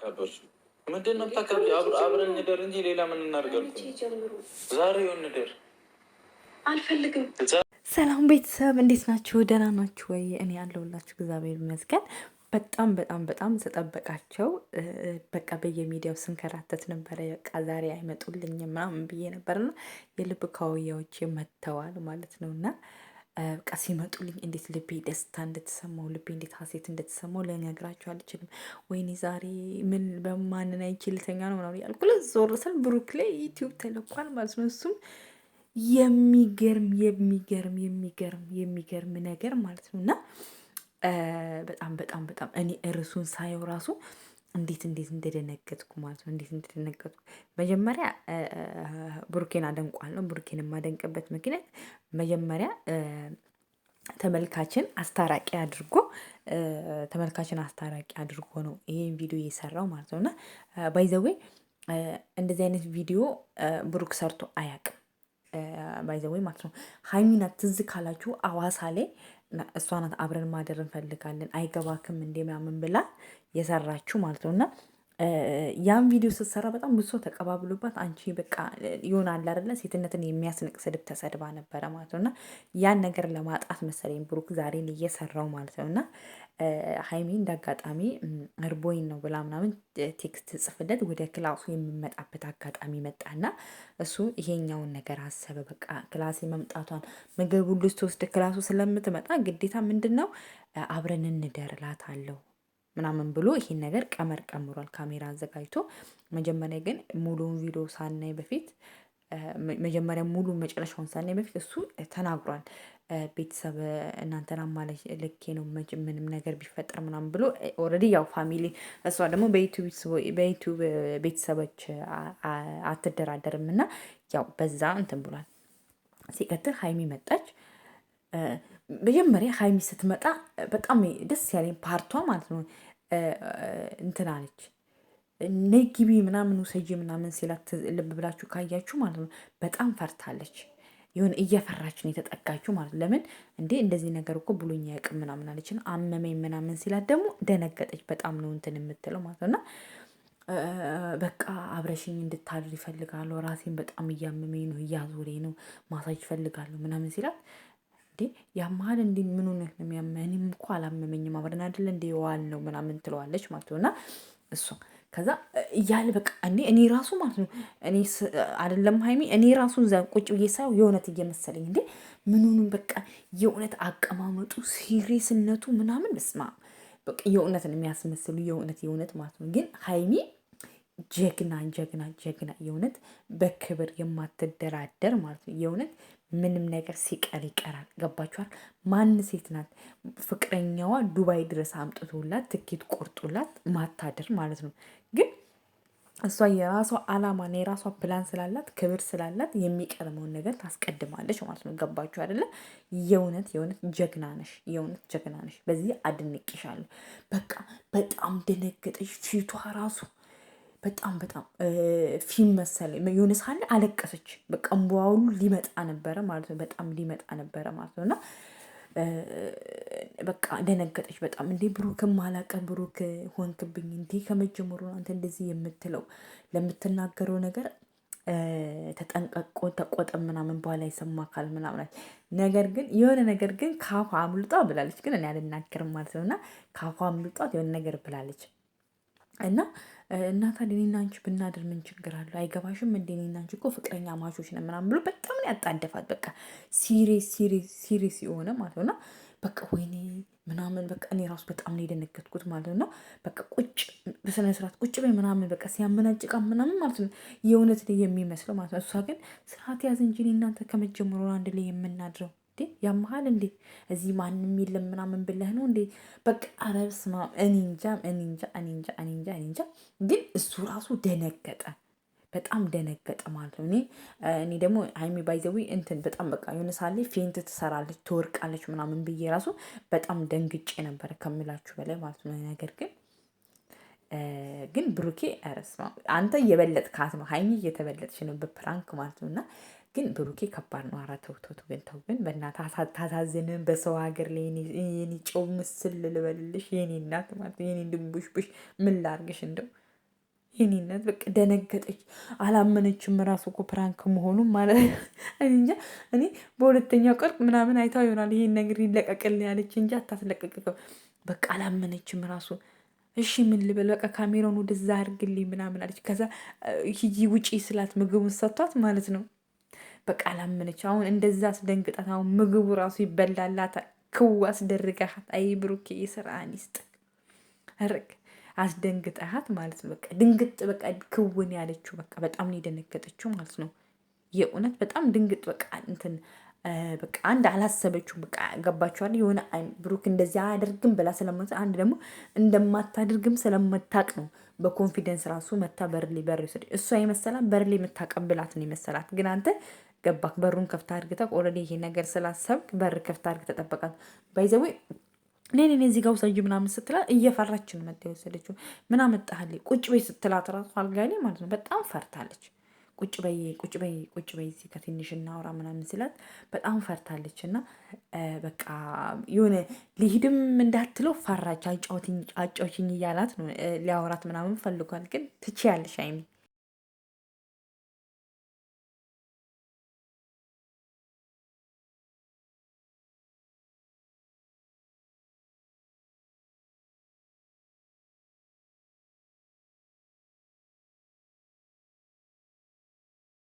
የምታካበሱ? ምንድን ነው አብረን እንደር እንጂ ሌላ ምን ዛሬ እንደር አልፈልግም። ሰላም ቤተሰብ እንዴት ናችሁ? ደህና ናችሁ ወይ? እኔ ያለሁላችሁ እግዚአብሔር ይመስገን። በጣም በጣም በጣም ስጠበቃቸው በቃ በየሚዲያው ስንከራተት ነበረ። በቃ ዛሬ አይመጡልኝም ምናምን ብዬ ነበርና የልብ ካውያዎች መጥተዋል ማለት ነው እና በቃ ሲመጡልኝ እንዴት ልቤ ደስታ እንደተሰማው ልቤ እንዴት ሀሴት እንደተሰማው ልነግራችሁ አልችልም። ወይኔ ዛሬ ምን በማንን አይችልተኛ ነው ምናምን ያልኩ ዞር ስል ብሩክ ላይ ዩቲዩብ ተለኳል ማለት ነው። እሱም የሚገርም የሚገርም የሚገርም የሚገርም ነገር ማለት ነው እና በጣም በጣም በጣም እኔ እርሱን ሳየው ራሱ እንዴት እንዴት እንደደነገጥኩ ማለት ነው። እንዴት እንደደነገጥኩ መጀመሪያ ብሩኬን አደንቋለሁ። ብሩኬን የማደንቅበት ምክንያት መጀመሪያ ተመልካችን አስታራቂ አድርጎ ተመልካችን አስታራቂ አድርጎ ነው ይሄን ቪዲዮ እየሰራው ማለት ነው። እና ባይዘዌ እንደዚህ አይነት ቪዲዮ ብሩክ ሰርቶ አያውቅም። ባይዘዌ ማለት ነው። ሀይሚና ትዝ ካላችሁ አዋሳ ላይ እሷናት አብረን ማደር እንፈልጋለን አይገባክም እንደምናምን ብላ የሰራችሁ ማለት ነው እና ያን ቪዲዮ ስትሰራ በጣም ብሶ ተቀባብሎባት አንቺ በቃ አለ አይደለ ሴትነትን የሚያስንቅ ስድብ ተሰድባ ነበረ ማለት ነው። እና ያን ነገር ለማጣት መሰለኝ ብሩክ ዛሬን እየሰራው ማለት ነው። እና ሀይሚ እንደ አጋጣሚ እርቦይን ነው ብላ ምናምን ቴክስት ጽፍለት ወደ ክላሱ የምመጣበት አጋጣሚ መጣና እሱ ይሄኛውን ነገር አሰበ። በቃ ክላሴ መምጣቷን ምግብ ሁሉ ስትወስድ ክላሱ ስለምትመጣ ግዴታ ምንድን ነው አብረን አለው ምናምን ብሎ ይሄን ነገር ቀመር ቀምሯል ካሜራ አዘጋጅቶ። መጀመሪያ ግን ሙሉውን ቪዲዮ ሳናይ በፊት መጀመሪያ ሙሉ መጨረሻውን ሳናይ በፊት እሱ ተናግሯል። ቤተሰብ እናንተና አማላጅ ልኬ ነው ምንም ነገር ቢፈጠር ምናምን ብሎ ኦልሬዲ ያው ፋሚሊ እሷ ደግሞ በዩቱብ ቤተሰቦች አትደራደርም እና ያው በዛ እንትን ብሏል። ሲቀጥል ሀይሚ መጣች። መጀመሪያ ሀይሚ ስትመጣ በጣም ደስ ያለኝ ፓርቷ ማለት ነው እንትን አለች ነይ ግቢ ምናምን ውሰጂ ምናምን ሲላት ልብ ብላችሁ ካያችሁ ማለት ነው በጣም ፈርታለች። የሆነ እየፈራች ነው የተጠጋችሁ ማለት ለምን እንዴ እንደዚህ ነገር እኮ ብሎኝ ያቅ ምናምን አለችን አመመኝ ምናምን ሲላት ደግሞ ደነገጠች። በጣም ነው እንትን የምትለው ማለት ነው እና በቃ አብረሽኝ እንድታድር ይፈልጋለሁ። ራሴን በጣም እያመመኝ ነው፣ እያዞሬ ነው፣ ማሳጅ ይፈልጋለሁ ምናምን ሲላት ያመሃል እንዲ ምን ሆነህ ነው የሚያመህ? እኔም እኮ አላመመኝም አብረን አይደለ እንደ የዋል ነው ምናምን ትለዋለች ማለት ነው። እና እሷ ከዛ እያለ በቃ እኔ እኔ ራሱ ማለት ነው እኔ አይደለም ሀይሚ እኔ ራሱ እዛ ቁጭ ብዬ ሳየው የእውነት እየመሰለኝ እንዴ ምኑንም በቃ የእውነት አቀማመጡ ሲሪስነቱ ምናምን ስማ በቃ የእውነትን የሚያስመስሉ የእውነት የእውነት ማለት ነው ግን ሀይሚ ጀግና ጀግና ጀግና የእውነት በክብር የማትደራደር ማለት ነው። የእውነት ምንም ነገር ሲቀር ይቀራል። ገባችኋል? ማን ሴት ናት ፍቅረኛዋ ዱባይ ድረስ አምጥቶላት ትኬት ቆርጦላት ማታደር ማለት ነው ግን እሷ የራሷ አላማና የራሷ ፕላን ስላላት ክብር ስላላት የሚቀርመውን ነገር ታስቀድማለች ማለት ነው። ገባችሁ አይደለ? የእውነት የእውነት ጀግና ነሽ፣ የእውነት ጀግና ነሽ። በዚህ አድንቅሻለሁ። በቃ በጣም ደነገጠች ፊቷ ራሱ በጣም በጣም ፊልም መሰለኝ የሆነ ሳለ አለቀሰች። በቃ እምባዋ ሁሉ ሊመጣ ነበረ ማለት ነው። በጣም ሊመጣ ነበረ ማለት ነው እና በቃ ደነገጠች በጣም እንዴ ብሩክም አላቀን ብሩክ ሆንክብኝ እንዴ ከመጀመሩ አንተ እንደዚህ የምትለው ለምትናገረው ነገር ተጠንቀቆ ተቆጠ ምናምን በኋላ የሰማ አካል ምናምን ነገር ግን የሆነ ነገር ግን ካፏ አምልጧ ብላለች። ግን እኔ አልናገርም ማለት ነው እና ካፏ አምልጧት የሆነ ነገር ብላለች። እና እና ታዲያ እኔና አንቺ ብናድር ምን ችግር አለው? አይገባሽም እንደ እኔና አንቺ እኮ ፍቅረኛ ማቾች ነን ምናምን ብሎ በጣም ነው ያጣደፋት። በቃ ሲሪየስ ሲሪየስ የሆነ ማለት ነው እና በቃ ወይኔ ምናምን በቃ እኔ ራሱ በጣም ነው የደነገጥኩት ማለት ነው። በቃ ቁጭ በስነ ስርዓት ቁጭ በይ ምናምን በቃ ሲያመናጭቃ ምናምን ማለት ነው የእውነት ላይ የሚመስለው ማለት ነው። እሷ ግን ስርዓት ያዝ እንጂ እናንተ ከመጀመሩ አንድ ላይ የምናድረው ያመሃል እንዴ? እዚህ ማንም የለም ምናምን ብለህ ነው እንዴ? በቃ አረብስ ማ እኔ እንጃ እኔ እንጃ እኔ እንጃ እኔ እንጃ እኔ እንጃ። ግን እሱ ራሱ ደነገጠ። በጣም ደነገጠ ማለት ነው። እኔ እኔ ደግሞ ሀይሚ ባይዘዊ እንትን በጣም በቃ የሆነ ሳሌ ፌንት ትሰራለች ትወርቃለች ምናምን ብዬ ራሱ በጣም ደንግጬ ነበረ ከምላችሁ በላይ ማለት ነው። ነገር ግን ግን ብሩኬ ረስ አንተ እየበለጥካት ነው፣ ሀይሚ እየተበለጥሽ ነው በፕራንክ ማለት ነው እና ግን ብሩኬ ከባድ ነው። ኧረ ተው ተው፣ ግን ተው ግን በእናትህ ታሳዝንም። በሰው ሀገር ላይ የኔ ጨው ምስል ልበልልሽ የኔ እናት ማለት የኔ ድንቡሽቡሽ ምን ላርግሽ? እንደው የኔ እናት በቃ ደነገጠች፣ አላመነችም ራሱ እኮ ፕራንክ መሆኑን ማለት እንጃ። እኔ በሁለተኛው ቅርቅ ምናምን አይታው ይሆናል ይሄን ነገር ይለቀቅል ያለች እንጂ አታስለቀቅቅም። በቃ አላመነችም ራሱ እሺ ምን ልበል በቃ ካሜራውን ወደዛ አድርግልኝ ምናምን አለች። ከዛ ሂጂ ውጪ ስላት ምግቡን ሰጥቷት ማለት ነው በቃ አላመነች። አሁን እንደዛ አስደንግጣት፣ አሁን ምግቡ ራሱ ይበላላታል። ክው አስደርጋት። አይ ብሩኬ የስራን ይስጥ ርቅ አስደንግጠሃት ማለት ነው። በቃ ድንግጥ በቃ ክውን ያለችው በቃ በጣም ነው የደነገጠችው ማለት ነው። የእውነት በጣም ድንግጥ በቃ እንትን በቃ አንድ አላሰበችውም። በቃ ገባችኋል። የሆነ ብሩክ እንደዚህ አያደርግም ብላ ስለማ አንድ ደግሞ እንደማታደርግም ስለመታቅ ነው። በኮንፊደንስ ራሱ መታ በርሌ በር ወሰደች። እሷ የመሰላት በርሌ የምታቀብላት ነው የመሰላት ግን አንተ ገባክ በሩን ከፍታ አድርግተ ኦልሬዲ ይሄ ነገር ስላሰብክ በር ከፍታ አድርግ ተጠበቃት ባይዘዊ ሌኔ ኔ እዚህ ጋ ውሰጂ ምናምን ስትላት እየፈራች ነው መጣ የወሰደችው። ምን አመጣህል ቁጭ በይ ስትላት ራሱ አልጋ ላይ ማለት ነው በጣም ፈርታለች። ቁጭ በይ ቁጭ በይ ቁጭ በይ እዚህ ከትንሽ እናውራ ምናምን ስላት በጣም ፈርታለች። እና በቃ የሆነ ሊሂድም እንዳትለው ፈራች። አጫውችኝ እያላት ነው ሊያወራት ምናምን ፈልጓል። ግን ትችያለሽ አይሚ